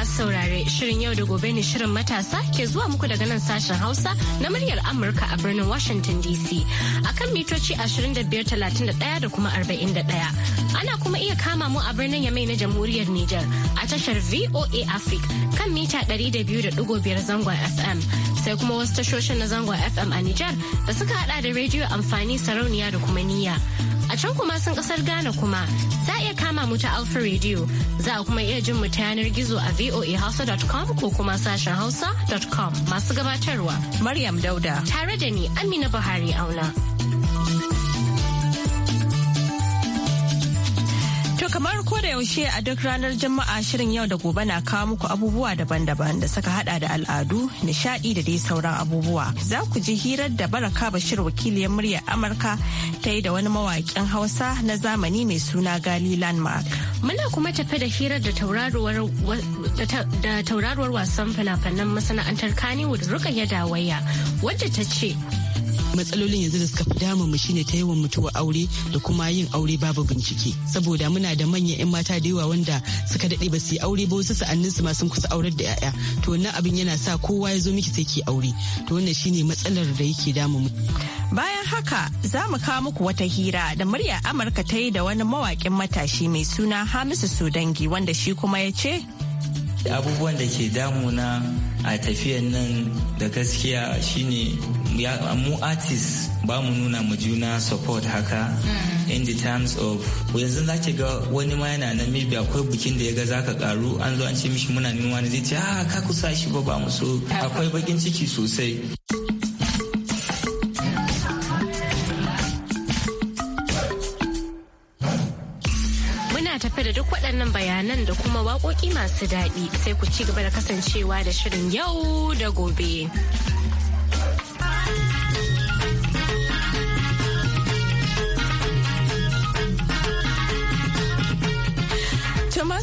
masu saurare shirin yau da gobe ne shirin matasa ke zuwa muku daga nan sashen Hausa na muryar Amurka a birnin Washington DC akan mitoci 2531 da kuma 41. Ana kuma iya kama mu a birnin Yamai na Jamhuriyar niger a tashar VOA Africa kan mita 200.5 zangon FM. sai kuma wasu tashoshin na zangon FM a niger da suka hada da rediyo amfani sarauniya da kuma niyya. A can kuma sun kasar Ghana kuma za a iya kama mu ta Alpha Radio za a kuma iya jin mu ta yanar gizo a voahausa.com ko kuma sashen hausa.com masu gabatarwa. Maryam Dauda. Tare da ni Amina Buhari Auna. kamar ko da yaushe a duk ranar Juma'a shirin yau da gobe na kawo muku abubuwa daban-daban da suka hada da al'adu, nishadi da dai sauran abubuwa. Za ku ji hirar da Baraka Bashir wakiliyar murya Amurka ta yi da wani mawaƙin Hausa na zamani mai suna Gali Landmark. Muna kuma tafe da hirar da tauraruwar wasan fina-finan masana'antar Kannywood Rukayya Dawaya wadda ta ce matsalolin yanzu da suka fi damun mu shine ta yawan mutuwa aure da kuma yin aure babu bincike saboda muna da manyan 'yan mata da yawa wanda suka dade ba su yi aure ba wasu sa'annin su ma sun kusa aurar da 'ya'ya to wannan abin yana sa kowa ya zo miki sai ki aure to wannan shine matsalar da yake damun mu bayan haka za mu kawo muku wata hira da murya amurka ta yi da wani mawaƙin matashi mai suna hamisu sudangi wanda shi kuma ya ce abubuwan da ke damuna a tafiyan nan da gaskiya shine ya mu artist ba mu nuna mu juna support haka mm. in the terms of yanzu za ga wani ma yana na akwai bikin da ya ga zaka karu an zo an ce mishi muna neman wani zai ce ah ka kusa shi ba ba mu so akwai bakin ciki sosai tafe da duk waɗannan bayanan da kuma waƙoƙi masu daɗi sai ku ci gaba da kasancewa da shirin yau da gobe.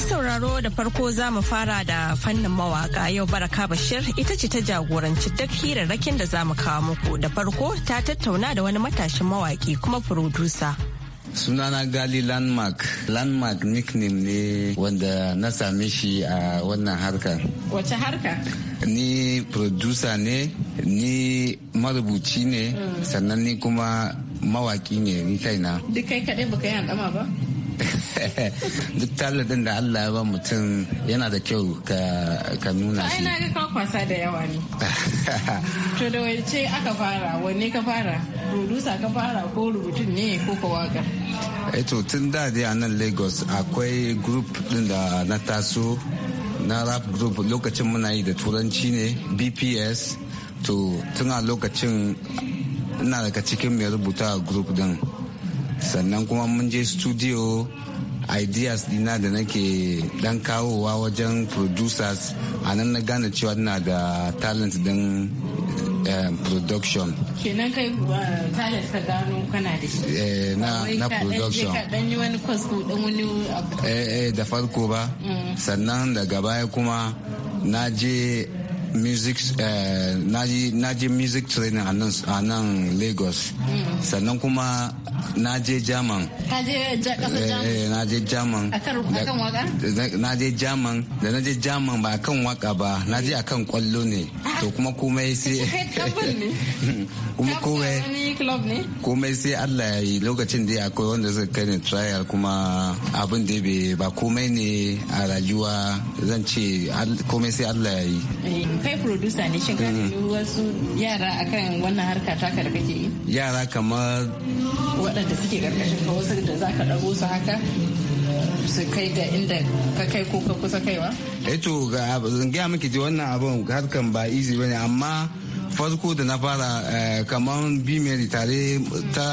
sauraro da farko za mu fara da fannin mawaka yau baraka bashir ita ce ta jagoranci duk hirarrakin da za mu kawo muku da farko ta tattauna da wani matashin mawaki kuma furodusa. sunana gali landmark landmark nickname ne wanda na same shi a wannan harka wace harka ni producer ne ni marubuci ne mm. sannan ni kuma mawaki ne ni kaina duk kai kaɗai baka yi handama ba duk talibin da Allah ya ba mutum yana da kyau ka nuna shi. Ka na ga kwasa da yawa ne. To da wace aka fara wanne ka fara rudusa ka fara ko rubutun ne ko ka e eh Eto tun da dai a nan Lagos akwai group din da na taso na rap group lokacin muna yi da turanci ne BPS to tun a lokacin ina daga cikin mai rubuta group din sannan kuma mun je studio ideas dina da nake dan kawowa wajen producers a nan na gane cewa na da talent din eh, production. Kenan kai talent ka gano kana da shi. Eh, na, na production. Ka dan yi wani course ko dan wani Eh, eh, da farko ba. Mm. Sannan daga baya kuma na je music eh, naji naji music training a nan lagos hmm. sannan kuma na je german na je eh, german eh, na je german da na je german ba kan waka ba na je akan kwallo ne ah. to kuma komai sai kuma komai komai sai allah ya yi lokacin da akwai wanda zai kai ni trial kuma abin da ba komai ne a rayuwa zan ce komai sai allah ya yi kai producer ne shin ka wasu yara akan wannan harka taka da kake yi yara kamar waɗanda suke karkashin ka wasu da zaka ɗago su haka su kai da inda ka kai ko ka kusa kaiwa eto eh ga gaya miki ji wannan abin harkan ba easy bane amma farko da na fara eh, kamar bimeri tare ta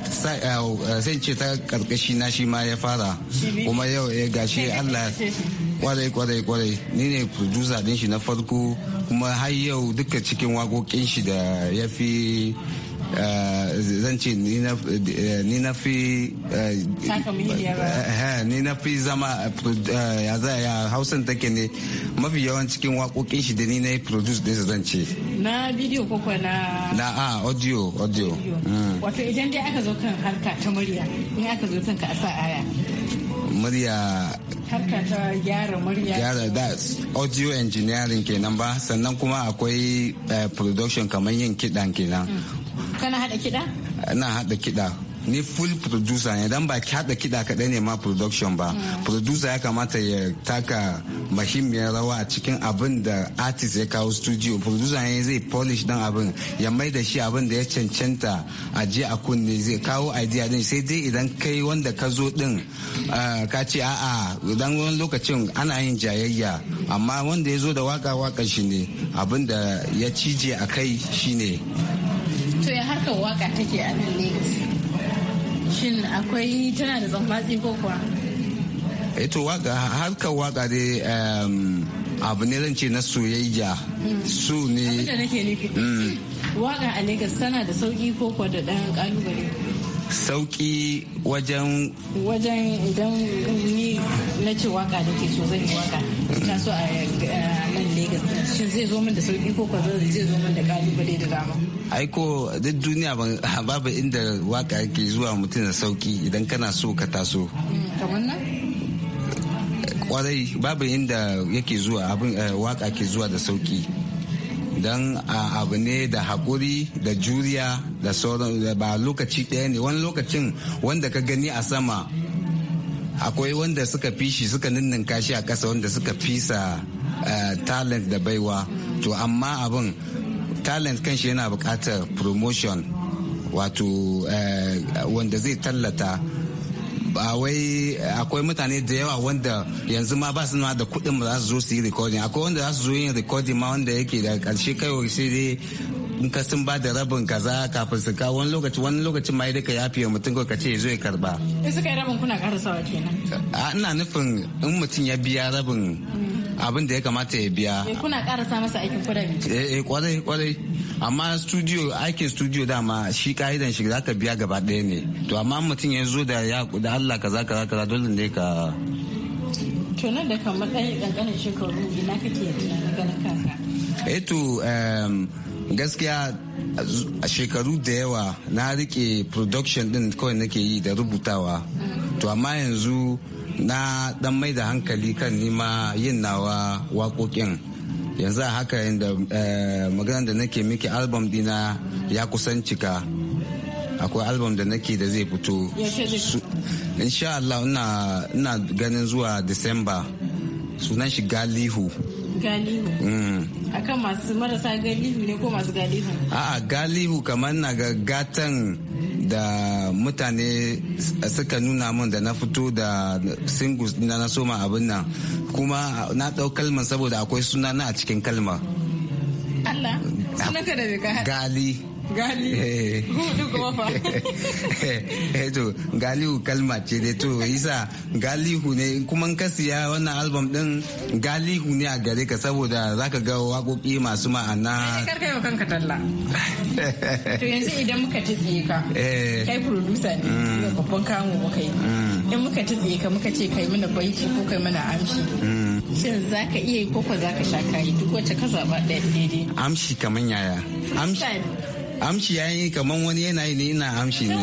Eh, eh, sai ce ta karkashi na shi ma ya fara kuma yau ya eh, gashi allah kwarai kwarai kwarai ni ne producer din shi na farko kuma har yau duka cikin waƙoƙin shi da ya fi zan ce ni na fi eh, eh, eh, ni na fi zama ya za ya hausan take ne mafi yawan cikin waƙoƙin shi da ni na yi produce da zan ce na bidiyo ko na na a audio audio mm. wato idan dai aka zo kan harka ta murya in aka zo kan ka asa aya murya harka ta gyara murya gyara da audio engineering kenan ba sannan kuma akwai production kamar yin kiɗan kenan mm. kana hada kiɗa ina hada kiɗa ni full producer ne dan ba ki hada kida kaɗai ne ma production ba hmm. producer ya kamata ya taka mahimmiyar rawa a cikin abin da artist ya kawo studio producer ne zai polish dan abin ya mai da shi abin da ya cancanta a je a kunne zai kawo idea din sai dai idan kai wanda ka zo din ah, ka ce a'a idan wani lokacin ana yin jayayya amma wanda ya zo da waka waka shi ne abin da ya cije a kai shi ne. to ya harkar waka take a nan shin akwai tana da tsammatsi ko kuwa eto eh waka harkar waka dai abu ne zan ce na soyayya hmm. su ne hmm. waka a Lagos tana da sauki ko kuwa da dan kalubale sauki wajen wajen idan ni na ce waka da ke so zan yi waka ina so a eh, Legas shin zai zo min da sauki ko kwazo zai zo min da kalubale da dama. Aiko duk duniya babu inda waka ke zuwa mutum da sauki idan kana so ka taso. Hmm, kamar nan? kwarai babu inda yake zuwa abin eh, waka ke zuwa da sauki don abu ne da haƙuri da juriya da sauran ba lokaci ɗaya ne wani lokacin wanda ka gani a sama akwai wanda suka fi shi suka ninninka shi a ƙasa wanda suka fisa Eh, talent da baiwa to amma abin talent kanshi yana bukatar promotion wato eh, wanda zai tallata ba wai akwai mutane da yawa wanda yanzu ma ba su nuna da kuɗin ba za su zo su yi recording akwai wanda za su zo yin recording ma wanda yake da ƙarshe kaiwa sai dai in ka sun ba da rabin kaza kafin su kawo wani lokaci wani lokacin ma duka ya fiye mutum ka ce zo karba. In suka yi rabin kuna karasawa kenan. ina nufin in mutum ya biya rabin abin da ya kamata ya biya kuna karasa masa aikin kuɗi eh kwarai eh, kwarai amma studio aikin studio dama shi ka'idan shi zaka biya gaba ɗaya ne to amma mutum ya zo da ya da Allah za ka za dole ne ka to nan da kamar ɗan ƙanƙanin shekaru ina kake na ganin kanka eh to gaskiya shekaru da yawa na rike production din kawai nake yi da rubutawa to amma yanzu na dan mai da hankali kan nima yin nawa waƙoƙin yanzu a haka yadda eh, maganar da nake miki album dina ya kusan cika akwai album da nake da zai fito insha Allah ina ganin zuwa Disamba sunan shi galihu galihu mm. akan masu marasa galihu ne ko masu galihu a'a galihu kamar na ga gatan da mutane suka nuna min da na fito da singles na na soma abin nan kuma na ɗau kalmar saboda akwai suna na a cikin kalmar Allah sunanka da bai ka Gali gali gudu kuma fa to kalma ce dai to isa galihu ne kuma ka siya wannan album din galihu ne a gare ka saboda zaka ga waƙoƙi masu ma'ana kar Karkai wa kanka talla to yanzu idan muka tsiye ka eh. kai producer ne mm. babban kamo muka yi mm. in muka tsiye ka muka ce kai mana baiti ko kai mana amshi mm. shin za ka iya yi ko ko za ka sha kayi duk wacce ka zaba ɗaya daidai amshi kaman yaya amshi amshi ya yi kamar wani yanayi ne ina amshi ne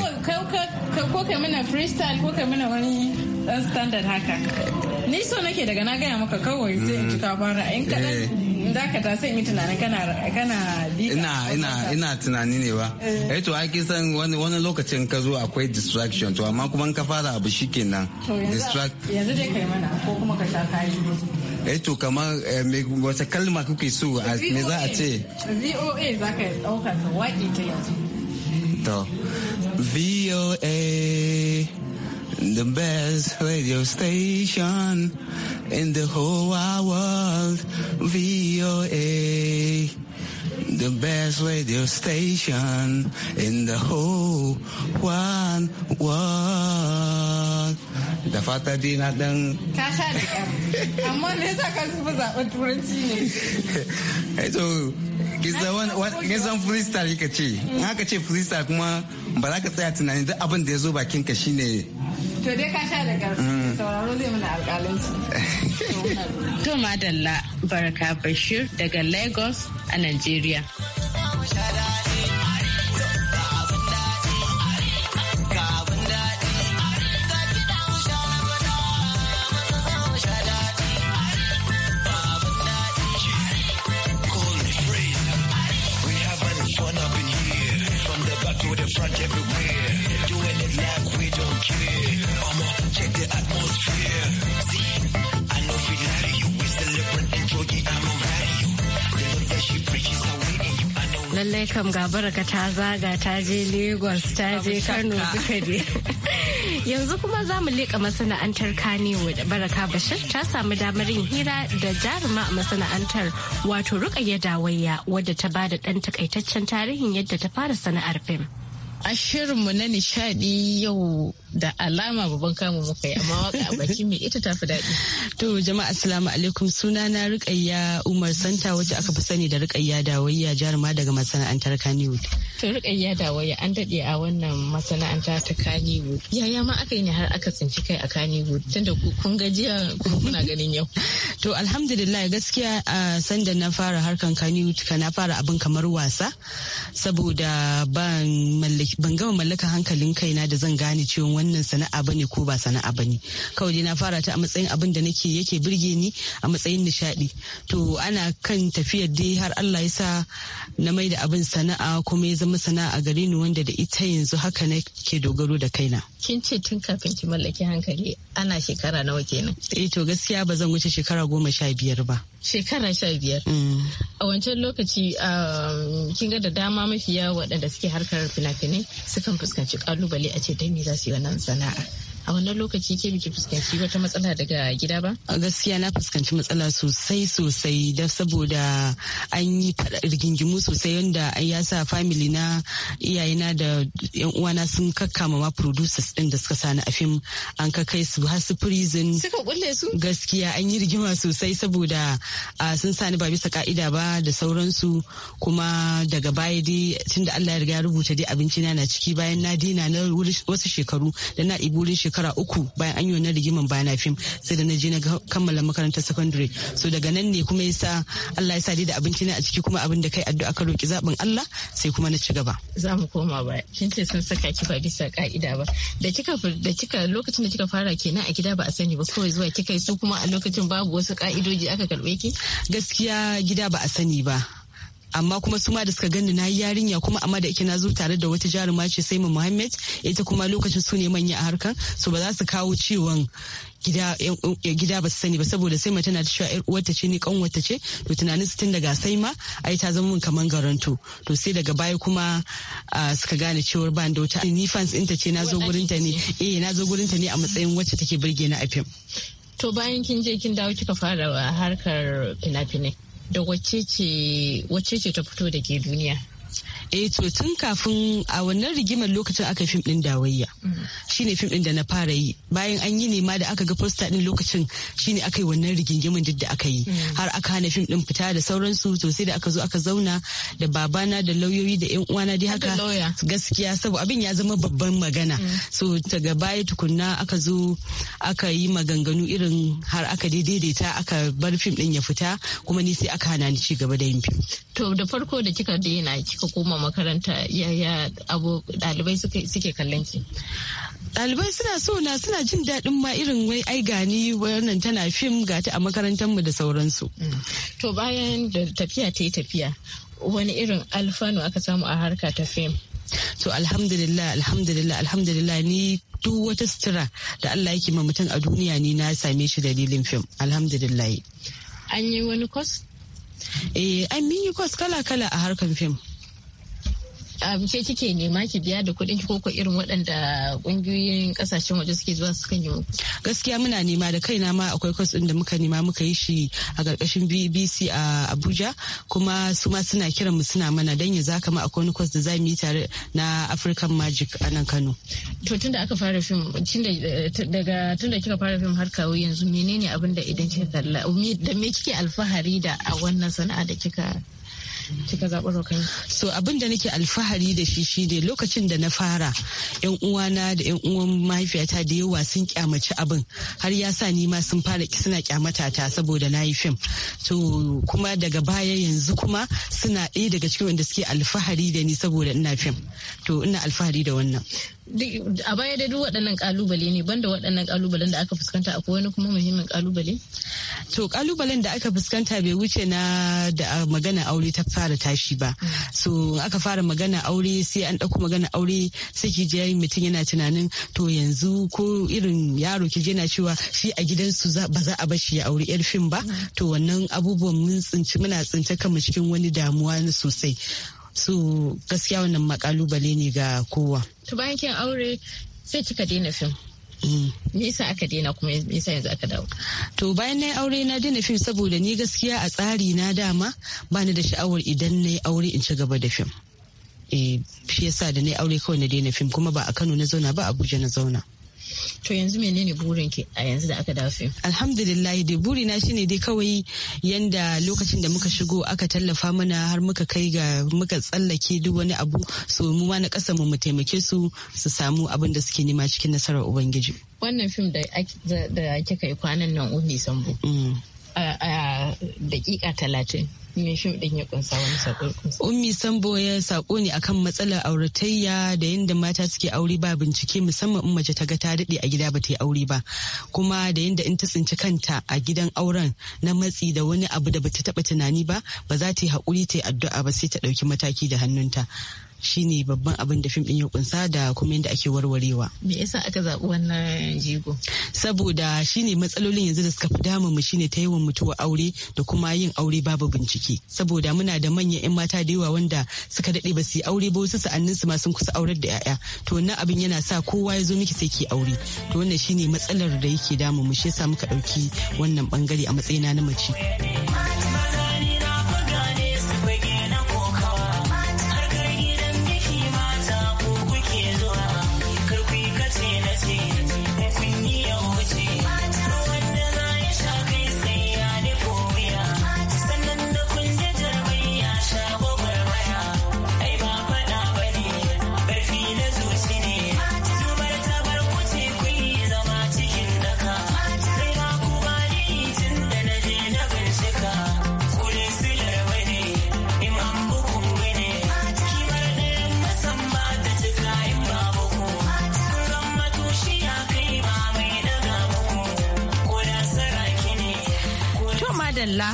ko kai mana freestyle ko kai mana wani dan standard haka ni so nake daga na gaya maka kawai zai in mm. cika fara in kaɗan za eh. ka ta sai yi tunanin kana kana ina ina ina tunani ne ba eh, eh to ai san wani wani lokacin ka zo akwai distraction to amma kuma in ka fara abu shikenan distract yanzu dai kai mana ko kuma ka sha kayi wata kalma so me za a ce VOA za ka ka ta yanzu to VOA the best radio station in the whole wide world VOA the best radio station in the whole wide world da fata dai na dan ka sha da amma me yasa ka zuba zaben turanci ne eh to kisa wani nisan freestyle yake ce in haka ce freestyle kuma ba za ka tsaya tunanin duk abin da ya zo bakin ka shine to dai ka sha da karfi mm. sauraro zai mana alƙalanci to madalla baraka bashir daga lagos a nigeria to the front everywhere. Doing it like we don't care. I'ma check the atmosphere. See, I know we lie to you. We celebrate and show you I'm on radio. The love that she preaches, I Lallai kam ga baraka ta zaga ta je Lagos ta je Kano duka dai. Yanzu kuma za mu leƙa masana'antar Kannywood Baraka Bashir ta samu damar yin hira da jaruma a masana'antar wato Rukayya Dawayya wadda ta bada ɗan takaitaccen tarihin yadda ta fara sana'ar fim. a shirinmu na nishadi yau da alama babban kamun muka yi amma waka a baki mai ita tafi daɗi. To jama'a assalamu alaikum suna na rikayya Umar Santa wacce aka fi sani da rikayya Dawayya jaruma daga masana'antar Kannywood. To rikayya Dawayya an daɗe a wannan masana'anta ta Kannywood. Yaya ma aka yi ne har aka tsinci kai a Kannywood tunda kun gajiya kuna ganin yau. to alhamdulillah gaskiya a sanda na fara harkan kaniwood ka na fara abin kamar wasa saboda ban gama mallaka hankalin kaina da zan gane cewa wannan sana'a bane ko ba sana'a bane kawai dai na fara ta a matsayin abin da nake yake birge ni a matsayin nishadi to ana kan tafiyar dai har Allah ya sa na mai da abin sana'a kuma ya zama sana'a gare ni wanda da ita yanzu haka ke dogaro da kaina kin ce tun kafin ki mallaki hankali ana shekara nawa kenan eh to gaskiya ba zan wuce shekara goma sha biyar ba shekara sha biyar mm. a wancan lokaci um, kin ga da dama mafiya waɗanda suke harkar fina-finai sukan fuskanci kalubale a ce dai me za su yi wannan sana'a a wannan lokaci ke biki fuskanci wata matsala daga gida ba? A gaskiya na fuskanci matsala sosai sosai da saboda an yi rigingimu sosai yadda ya sa famili na iyayena da yan uwana sun kakkama ma producers din da suka sani a fim an kakai su har prison. kulle su? Gaskiya an yi rigima sosai saboda sun sani ba bisa ka'ida ba da sauransu kuma daga baya dai da Allah ya riga ya rubuta dai abinci na ciki bayan na dina na wasu shekaru da na ibi shekara uku bayan an yi wannan rigiman na fim sai da na je na kammala makarantar secondary so daga nan ne kuma yasa Allah ya sa dai da abinci na a ciki kuma abin da kai addu'a ka roki zaɓin Allah sai kuma na ci gaba. Za mu koma ba kin ce sun saka ki ba bisa ka'ida ba da kika da kika lokacin da kika fara kenan a gida ba a sani ba kawai zuwa kika su kuma a lokacin babu wasu ka'idoji aka karɓe ciki gaskiya gida ba a sani ba amma kuma su da suka ganni na yi yarinya kuma amma da ake na zo tare da wata jaruma ce sai mu Muhammad ita kuma lokacin su ne manya a harkar so ba za su kawo ciwon gida gida ba su sani ba saboda sai tana ta cewa uwarta ce ni wata ce to tunanin su tun daga sai ma ai ta zama mun kaman garanto to sai daga baya kuma suka gane cewar ban da wata ni fans ta ce na zo gurinta ne eh na zo ne a matsayin wacce take burge na a To bayan kin je kin dawo kika fara harkar fina-finai da wacce ce ta fito da ke duniya? eh to tun kafin a wannan rigimar lokacin aka fim din dawayya shine fim din da na fara yi bayan an yi nema da aka ga posta din lokacin shine aka yi wannan rigingimin duk da aka yi mm. har aka hana fim din fita da sauransu to sai da aka zo aka zauna da babana da lauyoyi da yan uwana dai haka gaskiya saboda abin ya zama babban magana mm. so daga baya tukunna aka zo aka yi maganganu irin har aka daidaita aka bar fim din ya fita kuma ni sai aka hana ni ci gaba da yin fim to da farko da kika daina kika koma makaranta yaya abu ɗalibai suke kallon ki ɗalibai suna so na suna jin daɗin ma irin wai ai gani wannan tana fim gata a makarantar mu da sauransu mm. to bayan da tafiya ta yi tafiya wani irin alfanu aka samu a harka ta fim to alhamdulillah alhamdulillah alhamdulillah ni duk wata sutura da Allah yake ma mutum a duniya ni na same shi dalilin fim alhamdulillah an yi wani kwas eh an yi kwas kala kala a harkar fim ke kike nema ki biya da kuɗin ko ko irin waɗanda ƙungiyoyin ƙasashen waje suke zuwa suka yi gaskiya muna nema da kaina ma akwai kwas ɗin da muka nema muka yi shi a ƙarƙashin BBC a Abuja kuma su ma suna kiran mu suna mana dan ya zaka ma akwai wani kwas da za mu yi tare na African Magic a nan Kano to tunda aka fara fim tunda daga tunda kika fara fim har kawo yanzu menene abin da idan kika kalla da me kike alfahari da a wannan sana'a da kika kika zaɓi kai. So abin da nake alfahari da shi shine lokacin da na fara yan uwana da yan uwan mahaifiyata da yawa sun kyamaci abin har ya sa ni ma sun fara suna kyamata ta saboda na yi fim. To kuma daga baya yanzu kuma suna ɗaya daga cikin wanda suke alfahari da ni saboda ina fim. To ina alfahari da wannan. a baya da duk waɗannan kalubale ne banda waɗannan kalubalen da aka fuskanta akwai wani kuma muhimmin kalubale to kalubalen da aka fuskanta bai wuce na da magana aure ta fara tashi ba mm. so aka fara magana aure sai an ɗauko magana aure sai ki je mutum yana tunanin to yanzu ko irin yaro ki je na cewa shi a gidansu ba za a bar shi ya aure yar fim ba mm. to wannan abubuwan mun tsinci muna tsinci kanmu cikin wani damuwa sosai su gaskiya wannan makalubale ne ga kowa to bayan kin aure sai kika daina fim mm. me yasa aka daina kuma me yasa yanzu aka dawo to bayan na aure na daina fim saboda ni gaskiya a tsari na dama ba ni da sha'awar idan na aure in ci gaba da fim eh shi yasa da na aure kawai na daina fim kuma ba a Kano na zauna ba Abuja na zauna to yanzu menene burin ki a yanzu da aka dafe. fim alhamdulillah da na shine dai kawai yanda lokacin da muka shigo aka tallafa mana har muka kai ga muka tsallake duk wani abu so mu ma na kasa mu mu taimake su su samu abin da suke nema cikin nasarar ubangiji wannan fim da kika yi kwanan nan umi sambo mm. a dakika talatin me fim din ya kunsa wani sako ummi sambo ya sako ne akan matsalar auratayya da yadda mata suke aure ba bincike musamman in mace ta ga ta dade a gida ba ta yi aure ba kuma da yadda in ta tsinci kanta a gidan auren na matsi da wani abu da bata taɓa tunani ba ba za ta yi haƙuri ta yi addu'a ba sai ta ɗauki mataki da hannunta shi ne babban abin da fim din ya kunsa da kuma yadda ake warwarewa. Me yasa aka zaɓi wannan jigo? Saboda shi ne matsalolin yanzu da suka fi damun mu ne ta yawan mutuwa aure da kuma yin aure babu bincike. aiki saboda muna da manyan 'yan mata da yawa wanda suka daɗe ba su yi aure ba wasu sa'annin su ma sun kusa aurar da 'ya'ya to wannan abin yana sa kowa ya zo miki sai ki aure to wannan shine matsalar da yake damu mu shi yasa muka ɗauki wannan bangare a matsayina na mace.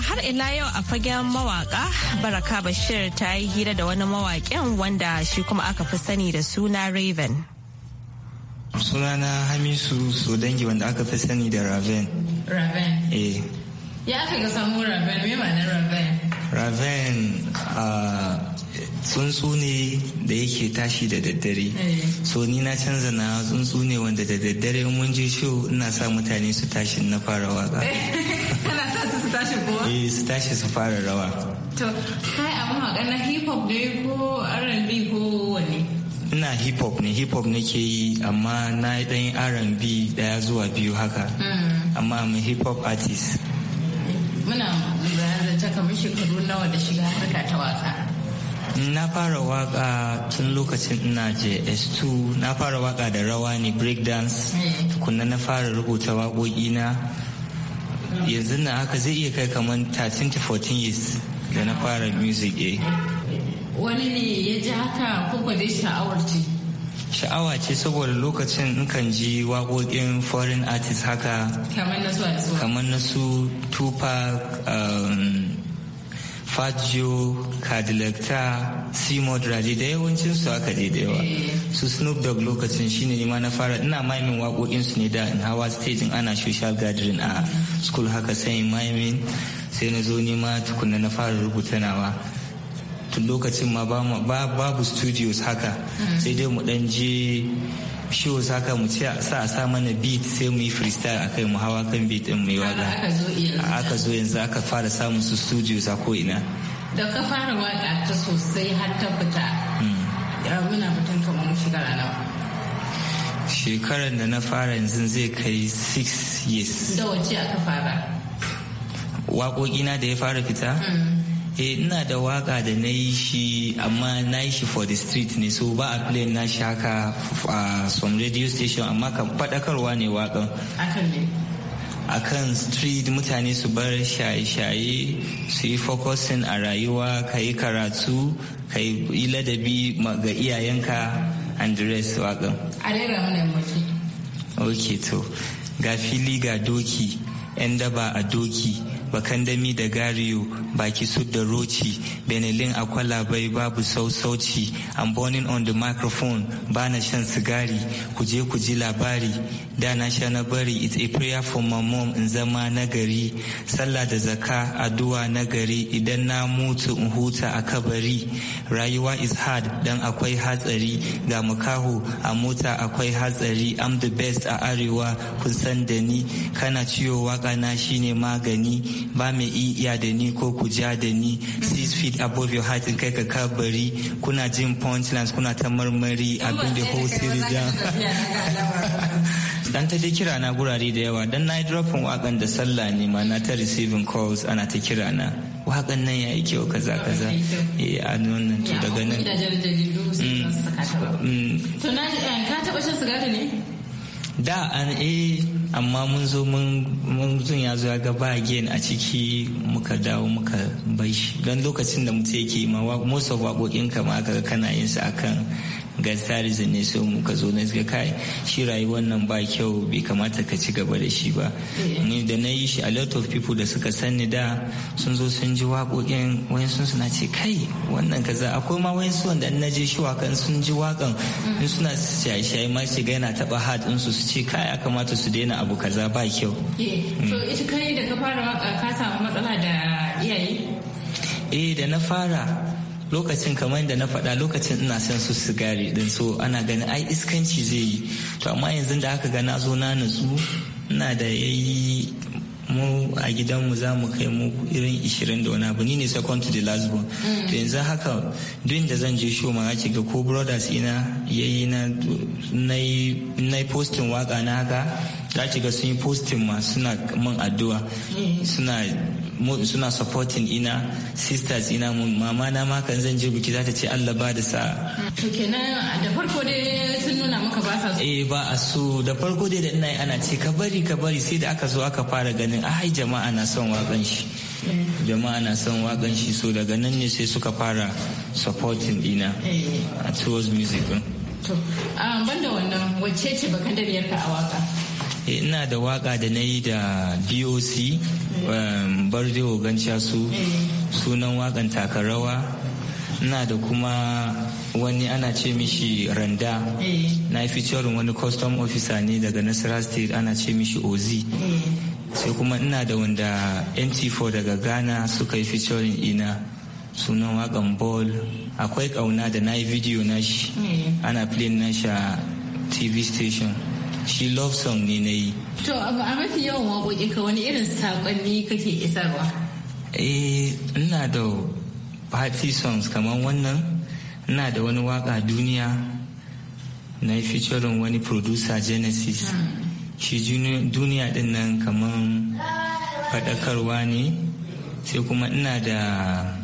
har ila yau a fagen mawaka baraka bashir ta yi hira da wani mawaƙin wanda shi kuma aka fi sani da suna raven sunana hamisu dangi wanda aka fi sani da raven raven eh ya aka ga samu raven me ma'anar raven raven ah, tsuntsu ne da yake tashi da daddare eh. so ni na canza na tsuntsu ne wanda da daddare mun je show ina sa mutane su tashi na fara waka eh, kana sa su tashi kuwa eh su tashi su fara rawa to kai abun haka na hip hop ne ko R&B ko wani ina hip hop ne hip hop nake yi amma na yi dan R&B daya zuwa biyu haka hmm. amma am hip hop artist muna da zance kamar shekaru nawa da shiga harka ta waka na fara waka tun lokacin ina je s2 na fara waka da rawa ne breakdance mm. tukunna na fara rubuta waƙoƙi na yanzu na haka zai iya kai kamar 13-14 years da na fara music eh wani ne ya ji haka kuma dai sha'awar ce sha'awa ce saboda lokacin kan ji waƙoƙin foreign artists haka kamar na su tupac um, Fajio, Kadilakta, Simo Draji da yawancin su aka daidaiwa eh. Su Snoop Dogg lokacin shine ne ma na fara ina maimin waƙoƙin su ne da in hawa staging ana social gathering a school haka sai maimin sai na zo ma tukunna na fara rubuta nawa. Tun lokacin ma babu studios haka hmm. sai dai mu dan je show saka mu ce sa a sa mana beat sai mu yi freestyle kai mu hawa kan beat din mu yi waka aka zo yanzu aka fara samun su studio sa ko ina da ka fara waka ta sosai har ta fita hmm. muna fitan kamar mu shiga rana shekarar da na fara yanzu zai kai 6 years da wace aka fara waƙoƙina da ya fara fita hmm. eh ina da waka da na yi shi amma na yi shi for the street ne so ba a play na shi haka a some radio station amma kan fadakarwa ne wakan akan ne street mutane su bar shaye-shaye su yi focusing a rayuwa ka yi karatu ka yi ladabi ga iyayenka and the rest wakan a ok to ga fili ga doki 'yan daba a doki bakandami da gariyo baki su da roci benelin akwala bai babu sausauci i'm burning on the microphone bana shan sigari kuje kuji labari da na sha na bari it's a prayer for my mom in zama na gari sallah da zaka addu'a na gari idan na mutu in huta a kabari rayuwa is hard dan akwai hatsari ga makaho a mota akwai hatsari i'm the best a arewa kun san da ni kana ciwo waka na shine magani ba mai iya da ni ko ku ja da ni six feet above your height in kai ka kabari kuna jin punchlines kuna ta marmari abin da whole series dan ta je kira na gurare da yawa dan na yi dropin wakan da sallah ne ma na ta receiving calls ana ta kira na wakan nan ya yi kyau kaza kaza eh a nan to daga nan mm. mm. to na eh, ka taba shan sigari ne da an eh amma mun zo mun zun ya zo ya ga ba again a ciki muka dawo muka bai shi don lokacin da mutum yake ma most of waƙoƙin kama ma aka kana yin su akan gansarizin ne sai ka zo na ga kai shi rayuwar nan ba kyau bai kamata ka ci gaba da shi ba eh. ni da na yi shi a lot of people da suka san ni da sun zo sun ji waƙoƙin wayansu suna ce kai wannan kaza akwai ma wayansu wanda na je shi wakan sun ji wakan mm. in suna shaye-shaye ma shi ga yana taɓa hard din su ce kai ya kamata su daina abu kaza ba kyau. Eh. Mm. to ita kai da ka fara waƙa ka samu matsala da iyaye? eh da na fara lokacin kamar da na faɗa lokacin ina son su sigari din so ana ganin ai iskanci zai yi to amma yanzu da aka ga na zo na nutsu ina da yayi mu a gidanmu za mu kai mu irin 20 da wani abu ni ne second to the last born mm. to yanzu haka duk da zan je show ma ga ko brothers ina yayi na na yi postin waka na haka ga ga sun yi postin ma suna mun addu'a mm. suna suna supporting ina sisters ina mama na ma kan zan je biki za ta ce Allah ba da sa'a to kenan da farko dai sun nuna maka ba sa so eh ba a so da farko dai da ina yi ana ce ka bari ka bari sai da aka zo aka fara ganin ai jama'a na son wakan shi eh. jama'a na son wakan shi so daga nan ne sai suka fara supporting ina. a eh. towards music to ah, ban da wannan wacce ce dariyar ka a waka ina da waka da na yi da doc um, barde ogancia su sunan wakan takarawa ina da kuma wani ana ce mishi randa na yi featuring wani custom officer ne daga nasara state ana ce mishi ozi sai kuma ina da wanda mt4 daga ghana suka yi featuring ina sunan wakan ball akwai kauna da na yi video na shi ana playing na a tv station shi love song ne na yi. To, a mafi yawan waƙoƙi ka wani irin saƙonni kake isarwa? Eh, ina da party songs kamar wannan, ina da wani waƙa duniya na yi featuring wani producer Genesis. Hmm. Shi duniya din nan kamar faɗakarwa ne, sai kuma ina da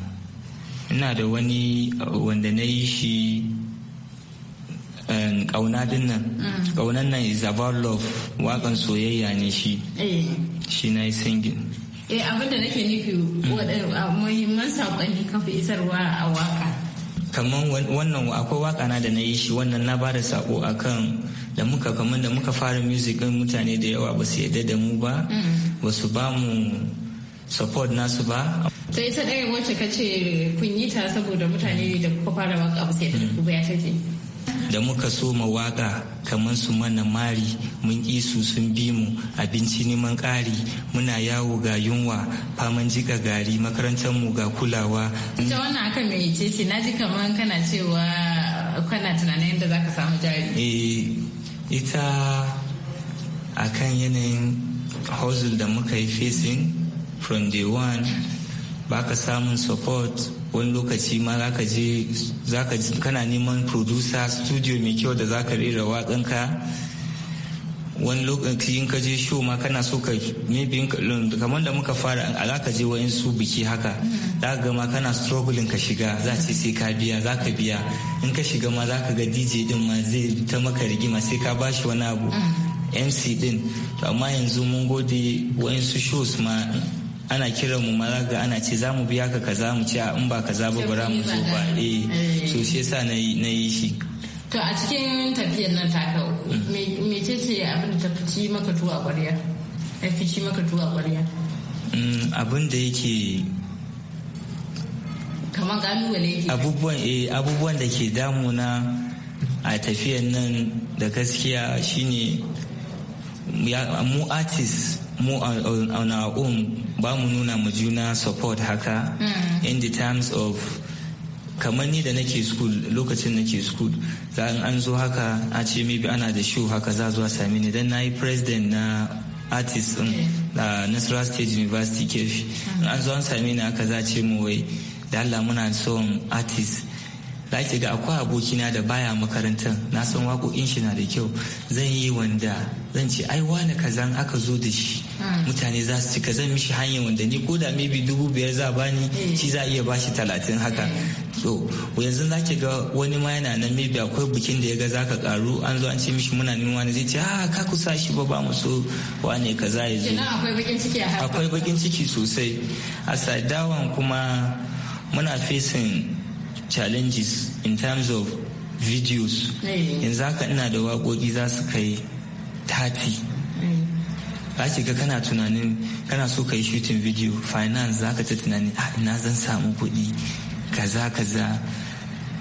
ina da wani uh, wanda na yi shi Eh, kauna din nan mm. kaunan nan is about love wakan soyayya ne shi eh. shi na yi singin eh abinda nake nufi mm. muhimman saƙonni kafa isarwa a waka kamar wannan akwai waka na da na yi shi wannan na bada sako akan da muka kamar da muka fara music din mutane da yawa ba su yadda da mu ba mm. ba su ba mu support nasu ba to ita ɗaya wacce ka ce kun yi ta saboda mutane da kuka fara waka ba su yadda da ku ba ya ce da muka soma waka kamar su mana mari mun isu sun bi mu abinci neman ƙari muna yawo ga yunwa faman jika gari makarantar mu ga kulawa. ita wannan akan mai ce na ji kamar kana cewa kana tunanin yadda za samu jari. Eh, ita akan yanayin hustle da muka yi facing from day one baka samun support wani lokaci ma zaka je zaka kana neman producer studio mai kyau da zaka rera waƙanka wani lokaci in ka je show ma kana so ka maybe kamar da muka fara a zaka je wayan su biki haka za ga ma kana struggling ka shiga za ce sai ka biya za ka biya in ka shiga ma za ka ga DJ din ma zai ta maka rigima sai ka bashi wani abu MC mm. din to amma yanzu mun gode wayan su shows ma ana kiran mu maza ga ana ce za mu biya ka kaza mu ce in ba kaza ba ba mu zo ba eh so shi yasa na yi shi to a cikin tafiyar nan ta taka me ce ce abin da ta fici maka tuwa ƙwarya ta fici maka tuwa ƙwarya mm, abin da yake kamar kalubale ke abubuwan eh abubuwan da ke damuna a tafiyar nan da gaskiya shine mu artist mu on our ba mu nuna mu juna support haka mm. in the terms of kamar ni da nake school lokacin nake school za an zo haka a ce maybe ana da show haka za zuwa sami ni dan nayi president na artist din a Nasarawa State University Kefi mm. an zo an sami ni haka za ce mu wai da Allah muna son artist da ga akwai abokina da baya makarantar na san waƙoƙin shi na da kyau zan yi wanda zan ce ai wani kazan aka zo da shi mm. mutane za su cika zan mishi hanyar wanda ni ko da maybe dubu biyar za bani eh. shi za iya bashi talatin haka eh. so yanzu za ki ga wani ma yana nan maybe akwai bikin da ya ga za ka karu an zo an ce mishi muna neman wani zai ce ah ka kusa shi ba ba mu so wane kaza ya zo akwai bakin ciki akwai bakin ciki sosai a sadawan kuma muna fesin challenges in terms of videos eh. yanzu haka ina da waƙoƙi za su kai ce eh. ka kana tunanin kana so ka yi shooting video finance za ka ta tunanin ah, ina zan samu kuɗi kaza kaza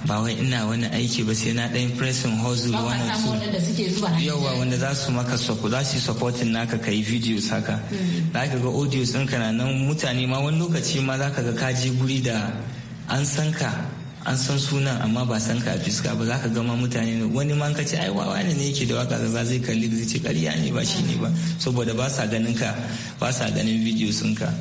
ba wai ina wani aiki ba sai na ɗan pressing hustle wani su yawa wanda za su maka soko za su supporting naka ka yi videos haka mm. za ka ga audios ɗinka na nan mutane ma wani lokaci ma za ka ga kaji guri da an san ka an san sunan amma ba san ka a fiska ba za ka gama mutane ne wani man ka ce ai wani ne yake da waka za zai kalli zai ce karya ne ba shi ne ba saboda ba sa ganin ka ba sa ganin bidiyo sun ka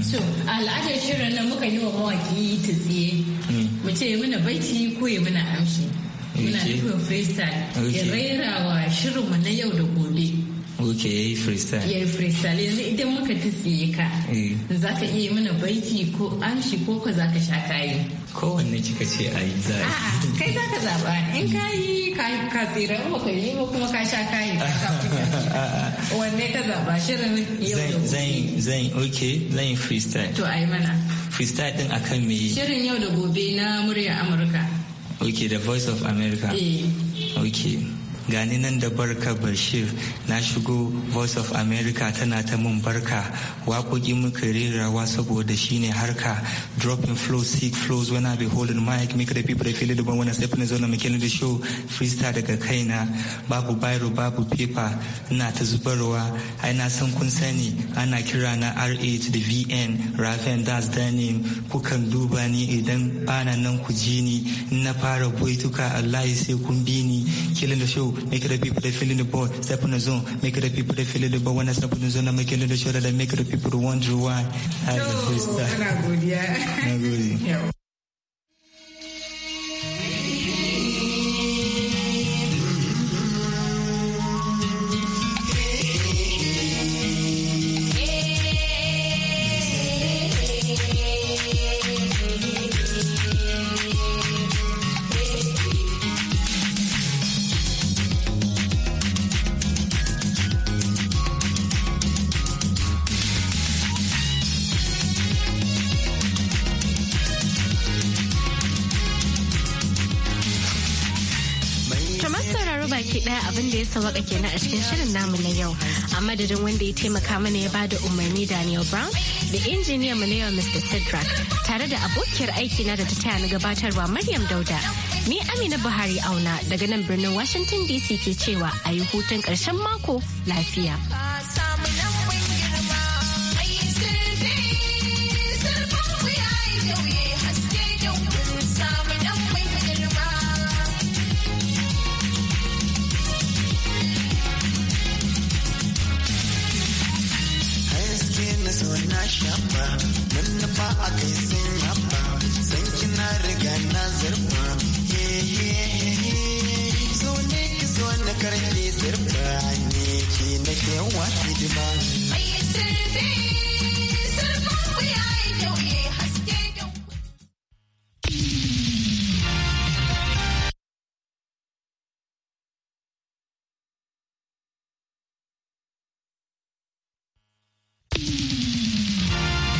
so al'adar shirin nan muka yi wa mawaki ta tsaye hmm. mu ce muna baiti ko ya eh, muna amshi muna nufin freestyle eh, ya raira wa shirinmu na yau da gobe ok ya yi freestyle ya yi freestyle yanzu idan muka ta tsaye ka eh. za ka iya mana baiti ko shi ko ka za ka sha kayi kowanne kika ce a yi za kai za ka zaba in ka yi ka tsira ba ka yi ko kuma ka sha kayi wanne ka zaba shirin yau zan gobe. ok zan yi freestyle to a yi mana freestyle din akan me shirin yau da gobe na murya amurka ok the voice of america eh. ok gani nan da barka bashir na shigo voice of america tana ta mun barka waƙoƙi muka rerawa saboda shine harka dropping flow sick flows when i be holding mic make the people feel the when i step in zone make the show freestyle daga kaina babu biro babu paper ina ta zubarwa ai na san kun sani ana kira na r8 da vn rafen das danin kukan duba ni idan bana nan ku ji ni na fara baituka allah sai kun bi ni killing the show, making the people they feeling the step on the zone, the people they the When I step on the zone, I'm making the show that I make the people wonder why. not good, yeah. Not good. yeah. ya sawaka kenan a cikin shirin namu na yau a madadin wanda ya taimaka mana ya bada umarni Daniel Brown da injiniya mu na yau Mr. Sidrak tare da abokiyar aiki na da ta taya ni gabatarwa Maryam Dauda. Ni Amina Buhari auna daga nan birnin Washington DC ke cewa a yi hutun ƙarshen mako lafiya. shafa nan na fa a kai san yafa san kina riga na zarfa he he so ne ki so na karke zarfa ne ki na ke wa hidima mai sirri